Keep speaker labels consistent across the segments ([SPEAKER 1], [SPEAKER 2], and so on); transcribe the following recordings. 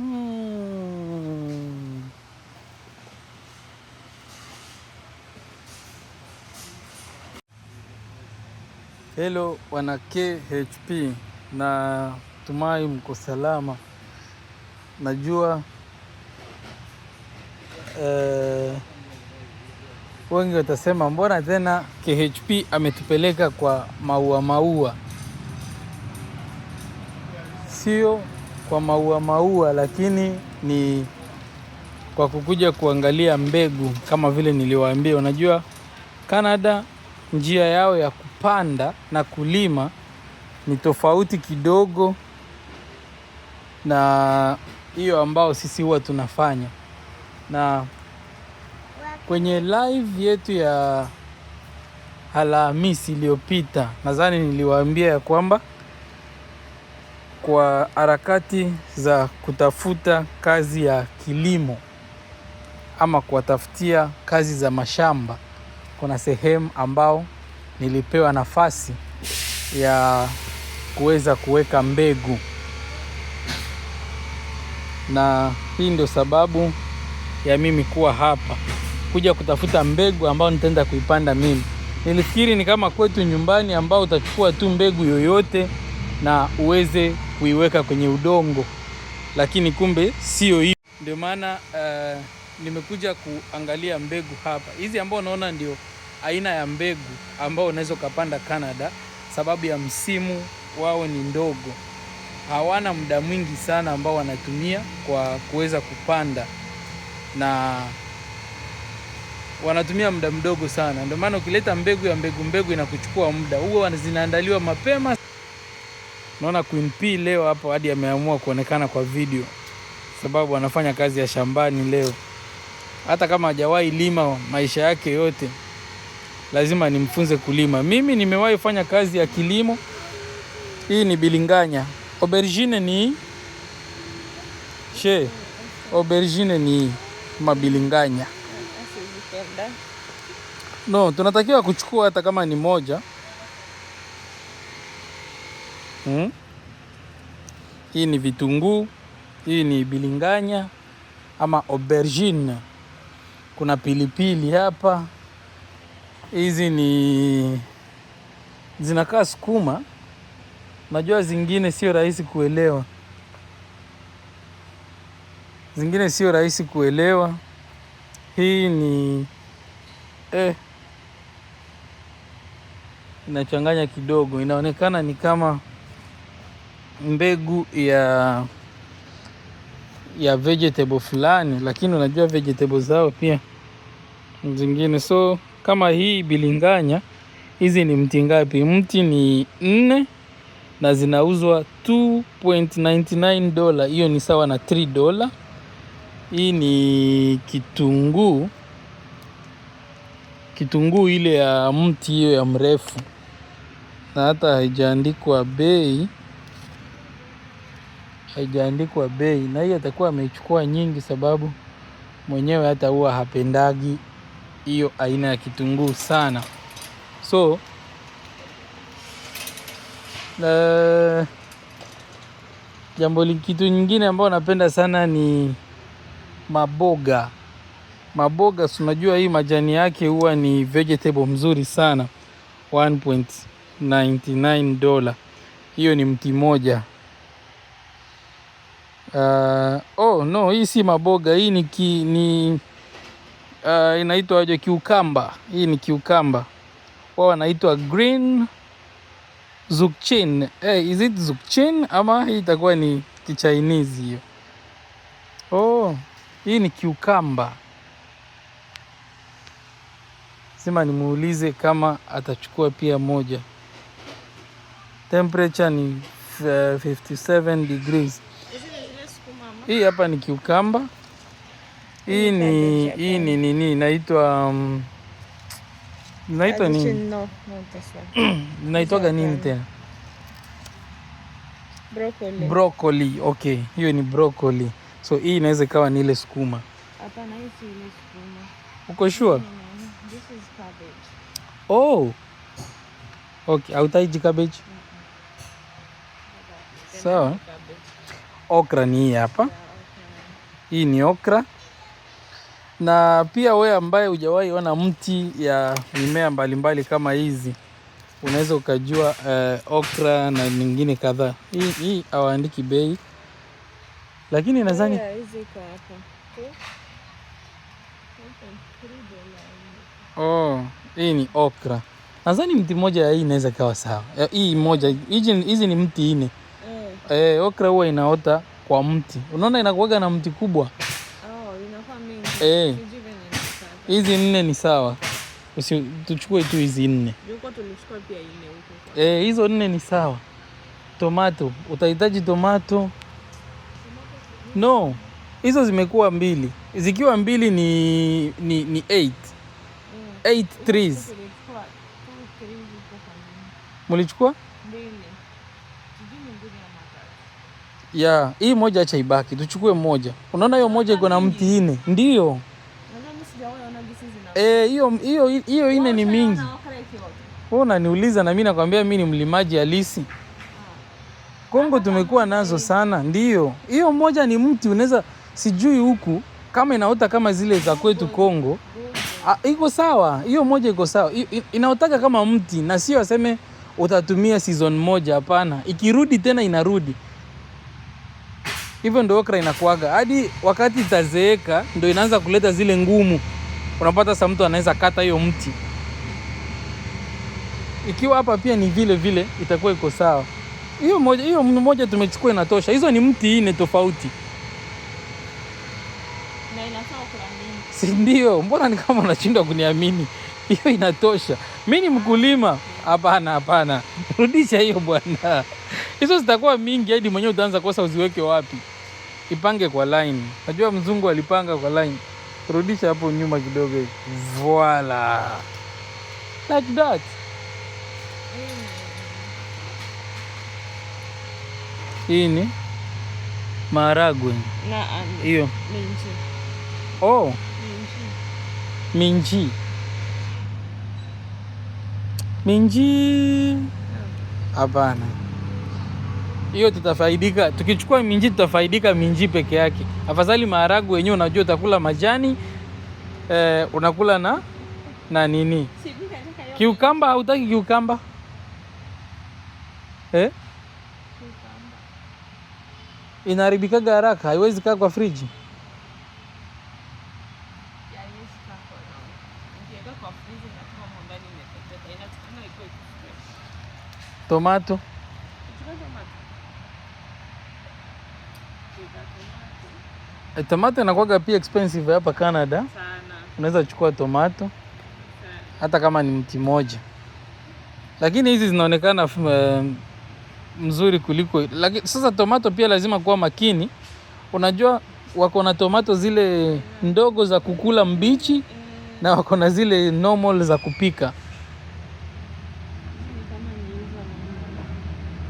[SPEAKER 1] Hmm. Hello wana KHP, na tumai mko salama. Najua eh, wengi watasema mbona tena KHP ametupeleka kwa maua maua, sio kwa maua maua, lakini ni kwa kukuja kuangalia mbegu kama vile niliwaambia. Unajua Canada njia yao ya kupanda na kulima ni tofauti kidogo na hiyo ambao sisi huwa tunafanya. Na kwenye live yetu ya Alhamisi iliyopita, nadhani niliwaambia ya kwamba kwa harakati za kutafuta kazi ya kilimo ama kuwatafutia kazi za mashamba, kuna sehemu ambao nilipewa nafasi ya kuweza kuweka mbegu, na hii ndio sababu ya mimi kuwa hapa kuja kutafuta mbegu ambayo nitaenda kuipanda mimi. Nilifikiri ni kama kwetu nyumbani ambao utachukua tu mbegu yoyote na uweze kuiweka kwenye udongo, lakini kumbe sio hiyo. Ndio maana uh, nimekuja kuangalia mbegu hapa. Hizi ambao unaona ndio aina ya mbegu ambao unaweza ukapanda Canada, sababu ya msimu wao ni ndogo, hawana muda mwingi sana ambao wanatumia kwa kuweza kupanda na wanatumia muda mdogo sana. Ndio maana ukileta mbegu ya mbegu mbegu inakuchukua muda huo, zinaandaliwa mapema. Naona Queen P leo hapo hadi ameamua kuonekana kwa video, sababu anafanya kazi ya shambani leo. Hata kama hajawahi lima maisha yake yote, lazima nimfunze kulima. Mimi nimewahi fanya kazi ya kilimo. Hii ni bilinganya, aubergine ni she, aubergine ni mabilinganya. No, tunatakiwa kuchukua hata kama ni moja hmm? Hii ni vitunguu, hii ni bilinganya ama aubergine, kuna pilipili hapa. Hizi ni zinakaa sukuma, najua zingine sio rahisi kuelewa, zingine sio rahisi kuelewa. Hii ni eh, inachanganya kidogo, inaonekana ni kama mbegu ya ya vegetable fulani, lakini unajua vegetable zao pia zingine. So kama hii bilinganya, hizi ni mti ngapi? Mti ni nne na zinauzwa 2.99 dola, hiyo ni sawa na 3 dola. Hii ni kitunguu, kitunguu ile ya mti hiyo ya mrefu, na hata haijaandikwa bei haijaandikwa bei, na hii atakuwa ameichukua nyingi, sababu mwenyewe hata huwa hapendagi hiyo aina ya kitunguu sana. So na, jambo kitu nyingine ambayo napenda sana ni maboga. Maboga unajua hii majani yake huwa ni vegetable mzuri sana 1.99 dola, hiyo ni mti moja. Uh, oh no, hii si maboga, hii ni, ki, ni uh, inaitwa aje? Kiukamba. Hii ni kiukamba, wao wanaitwa green zucchini. Hey, is it zucchini ama hii itakuwa ni kichinese hiyo? Oh, hii ni kiukamba. Sema nimuulize kama atachukua pia moja. Temperature ni 57 uh, degrees. Hii hapa ni kiukamba. Hii ni hii ni nini inaitwa um, inaitwa nini? Inaitwaga nini um, tena? Broccoli. Broccoli. Okay, hiyo ni broccoli. So hii inaweza ikawa ni ile sukuma. Hapana, hii si ile sukuma. Uko sure? This is cabbage. Oh. Okay, hautaiji cabbage? Sawa okra ni hii hapa. Hii ni okra. Na pia wewe ambaye hujawahi ona mti ya mimea mbalimbali mbali kama hizi unaweza ukajua uh, okra na nyingine kadhaa. Hii hii hawaandiki bei, lakini nadhani oh, hii ni okra. Nadhani mti mmoja ya hii inaweza kawa sawa. Eh, hii moja hizi ni mti ine eh, okra huwa inaota kwa mti, unaona inakuwaga na mti kubwa. Oh, eh, hizi nne ni sawa, usi tuchukue tu hizi nne eh, hizo nne ni sawa. Tomato utahitaji tomato, no, hizo zimekuwa mbili, zikiwa mbili ni, ni, ni eight. Mm. Eight trees mulichukua Yeah, hii moja acha ibaki, tuchukue moja. Unaona hiyo moja iko na mti ine, ndio Eh, hiyo hiyo hiyo ine ni mingi. Wewe unaniuliza na mimi nakwambia mimi ni mlimaji halisi. Kongo tumekuwa nazo sana, ndio hiyo moja ni mti, unaweza sijui huku kama inaota kama zile za kwetu Kongo. A, ah, iko sawa, hiyo moja iko sawa, inaotaka kama mti na sio aseme utatumia season moja. Hapana, ikirudi tena inarudi Hivyo ndio okra inakuaga, hadi wakati itazeeka ndio inaanza kuleta zile ngumu. Unapata sasa mtu anaweza kata hiyo mti. Ikiwa hapa pia ni vile vile, itakuwa iko sawa. Hiyo moja, hiyo mmoja tumechukua inatosha. Hizo ni mti ine tofauti, na si ndio? Mbona ni kama unashindwa kuniamini? Hiyo inatosha. Mi ni mkulima. Hapana, hapana, rudisha hiyo bwana. Hizo zitakuwa mingi hadi mwenyewe utaanza kosa uziweke wapi ipange kwa line. Najua mzungu alipanga kwa line. Rudisha hapo nyuma kidogo. Voila. Like that. Hii ni maharagwe. Hiyo oh, minji minji, hapana hiyo tutafaidika. Tukichukua minji tutafaidika minji peke yake, afadhali maharagwe wenyewe unajua utakula majani eh, unakula na na nini kiukamba. Hautaki kiukamba eh? Inaharibikaga haraka, haiwezi kaa kwa friji. Tomato E, tomato inakuwaga pia expensive hapa Canada sana. Unaweza chukua tomato sana, hata kama ni mti moja, lakini hizi zinaonekana eh, mzuri kuliko. Lakini sasa tomato pia lazima kuwa makini, unajua wako na tomato zile ndogo za kukula mbichi na wako na zile normal za kupika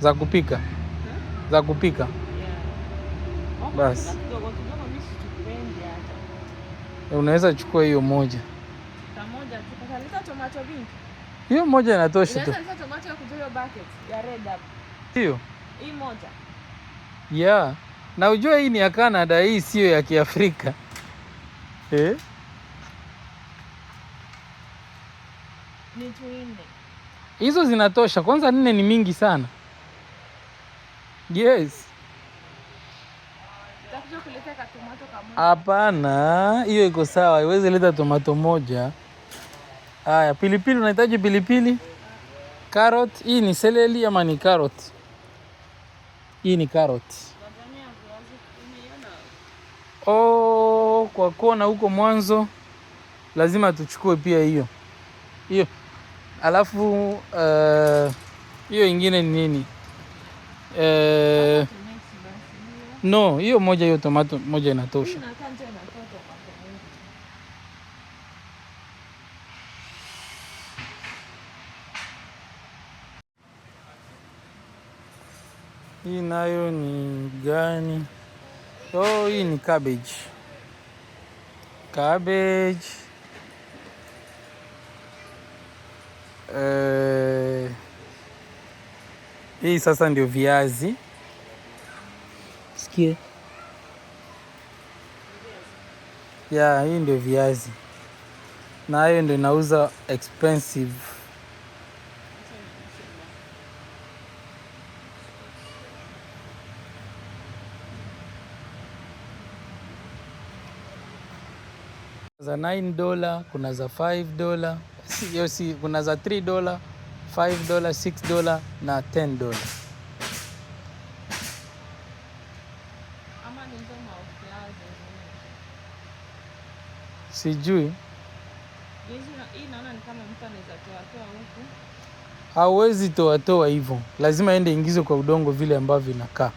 [SPEAKER 1] za kupika za kupika, basi unaweza chukua hiyo moja hiyo moja inatosha tu. Hiyo. Hii moja. Yeah. Na ujue hii ni ya Canada, hii siyo ya Kiafrika eh? Hizo zinatosha kwanza, nne ni mingi sana. Yes. Hapana, hiyo iko sawa, haiwezi leta tomato moja. Haya, pilipili, unahitaji pilipili, carrot. Hii ni seleli ama ni carrot? Hii ni carrot. Oh, kwa kona huko mwanzo lazima tuchukue pia hiyo hiyo, alafu eh, hiyo uh, ingine ni nini uh, No, hiyo moja, hiyo tomato moja inatosha. Hii nayo ni gani? Oh, hii ni cabbage. Cabbage. Eh, hii sasa ndio viazi nisikie. Ya hii ndio viazi, na hiyo ndio inauza expensive. za 9 dola, kuna za 5 dola, kuna za 3 dola, 5 dola, 6 dola na 10 dola. sijui hawezi toatoa hivyo, lazima ende ingize kwa udongo vile ambavyo inakaa.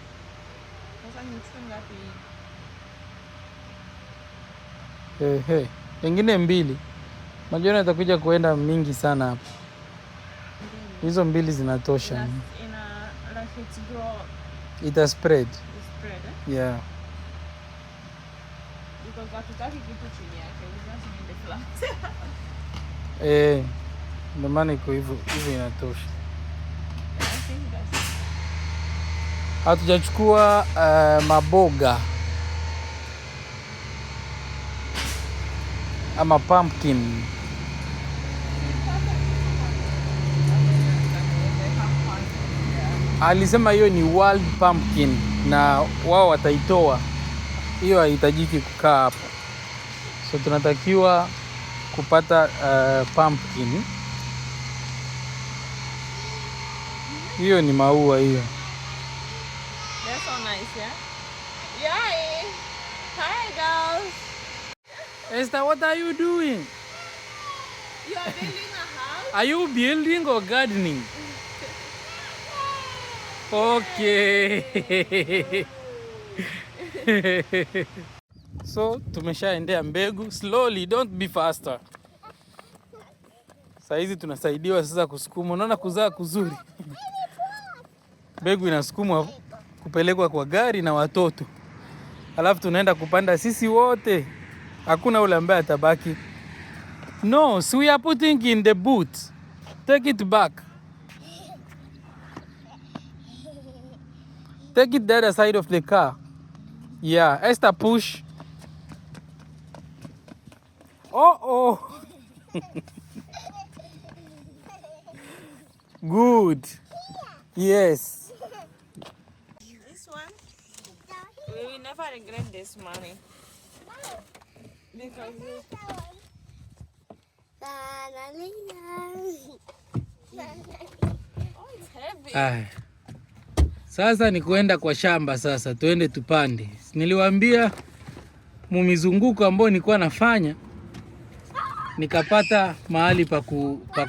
[SPEAKER 1] Ehe, pengine mbili. Majioni atakuja kuenda mingi sana hapa, hizo mbili zinatosha, ita spread eh? yeah. Eh, ndio maana iko hivyo hivyo, inatosha. Hatujachukua uh, maboga ama pumpkin Alisema hiyo ni wild pumpkin na wao wataitoa hiyo, haihitajiki kukaa hapo so tunatakiwa kupata uh, pumpkin. Hiyo ni maua hiyo. That's so nice, yeah? Yay! Hi girls. Esther, what are you doing? You are building a house? Are you building or gardening? Okay. so tumeshaendea mbegu slowly, don't be faster. Saa hizi tunasaidiwa sasa kusukuma, unaona kuzaa kuzuri mbegu inasukumwa kupelekwa kwa gari na watoto, alafu tunaenda kupanda sisi wote, hakuna ule ambaye atabaki. No, so we are putting in the boot, take it back, take it the other side of the car. Yeah, Esther push oh. oh. Good. Yes. This one. We will never regret this money. Because Ah. Sasa ni kuenda kwa shamba sasa, tuende tupande. Niliwaambia mumizunguko ambayo nilikuwa nafanya nikapata mahali pa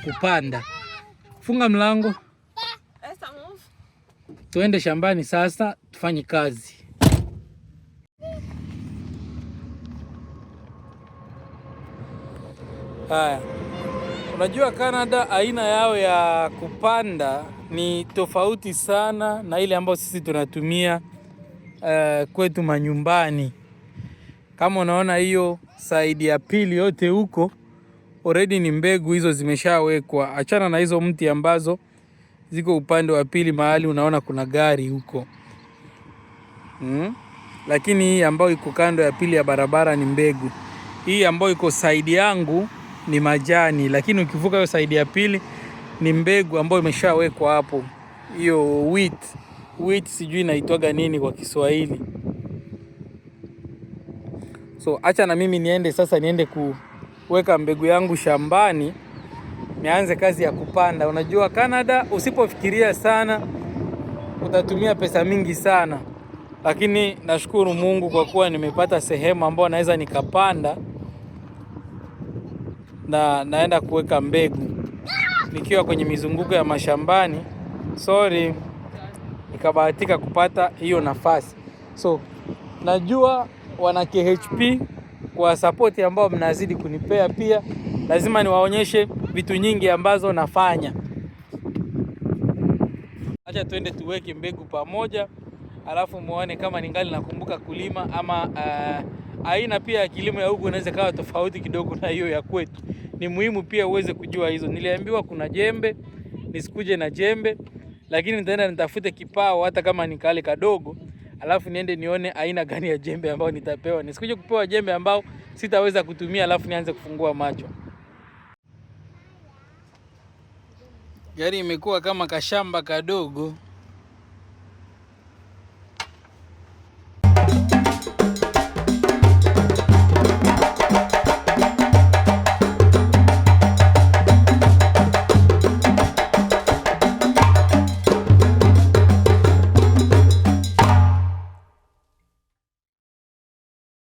[SPEAKER 1] kupanda. Funga mlango, tuende shambani sasa, tufanye kazi. Haya, unajua Canada aina yao ya kupanda ni tofauti sana na ile ambayo sisi tunatumia uh, kwetu manyumbani. Kama unaona hiyo saidi ya pili yote huko already ni mbegu hizo zimeshawekwa. Achana na hizo mti ambazo ziko upande wa pili mahali unaona kuna gari huko hmm? Lakini hii ambayo iko kando ya pili ya barabara ni mbegu. Hii ambayo iko saidi yangu ni majani, lakini ukivuka hiyo saidi ya pili ni mbegu ambayo imeshawekwa hapo, hiyo wheat. Wheat sijui inaitwaga nini kwa Kiswahili. So acha na mimi niende sasa, niende ku kuweka mbegu yangu shambani, nianze kazi ya kupanda. Unajua Canada, usipofikiria sana utatumia pesa mingi sana, lakini nashukuru Mungu kwa kuwa nimepata sehemu ambayo naweza nikapanda na naenda kuweka mbegu nikiwa kwenye mizunguko ya mashambani. Sorry, nikabahatika kupata hiyo nafasi, so najua wana KHP kwa sapoti ambao mnazidi kunipea. Pia lazima niwaonyeshe vitu nyingi ambazo nafanya. Acha tuende tuweke mbegu pamoja, alafu muone kama ningali nakumbuka kulima ama uh, aina pia ya kilimo ya huku inaweza kawa tofauti kidogo na hiyo ya kwetu. Ni muhimu pia uweze kujua hizo. Niliambiwa kuna jembe, nisikuje na jembe, lakini nitaenda nitafute kipao, hata kama nikale kadogo alafu niende nione aina gani ya jembe ambayo nitapewa. Nisikuje kupewa jembe ambao sitaweza kutumia, alafu nianze kufungua macho. Gari yaani imekuwa kama kashamba kadogo